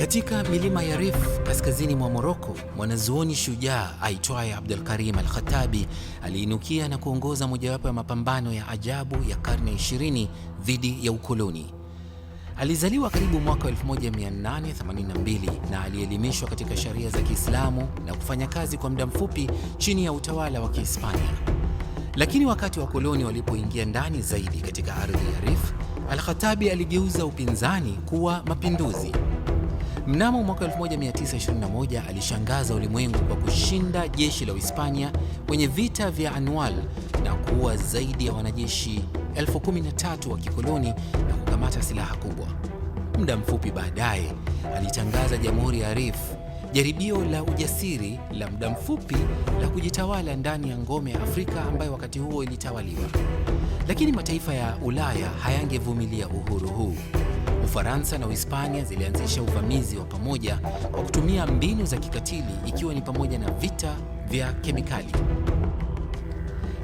Katika milima ya Rif kaskazini mwa Moroko, mwanazuoni shujaa aitwaye Abdul Karim al Khatabi aliinukia na kuongoza mojawapo ya mapambano ya ajabu ya karne 20 dhidi ya ukoloni. Alizaliwa karibu mwaka 1882 na alielimishwa katika sharia za Kiislamu na kufanya kazi kwa muda mfupi chini ya utawala wa Kihispania. Lakini wakati wakoloni walipoingia ndani zaidi katika ardhi ya Rif, al khatabi aligeuza upinzani kuwa mapinduzi. Mnamo mwaka 1921 alishangaza ulimwengu kwa kushinda jeshi la Uhispania kwenye vita vya Anwal na kuua zaidi ya wanajeshi elfu kumi na tatu wa kikoloni na kukamata silaha kubwa. Muda mfupi baadaye alitangaza Jamhuri ya Arif, jaribio la ujasiri la muda mfupi la kujitawala ndani ya ngome ya Afrika ambayo wakati huo ilitawaliwa. Lakini mataifa ya Ulaya hayangevumilia uhuru huu. Ufaransa na Uhispania zilianzisha uvamizi wa pamoja kwa kutumia mbinu za kikatili ikiwa ni pamoja na vita vya kemikali.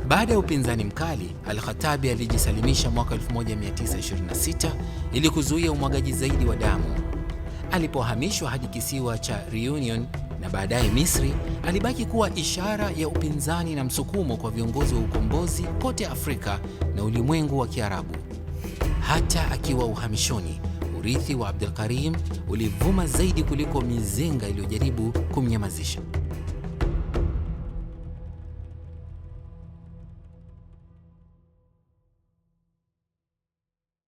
Baada ya upinzani mkali, al khatabi alijisalimisha mwaka 1926 ili kuzuia umwagaji zaidi wa damu. Alipohamishwa hadi kisiwa cha Reunion na baadaye Misri, alibaki kuwa ishara ya upinzani na msukumo kwa viongozi wa ukombozi kote Afrika na ulimwengu wa Kiarabu. Hata akiwa uhamishoni, urithi wa Abdulkarim ulivuma zaidi kuliko mizinga iliyojaribu kumnyamazisha.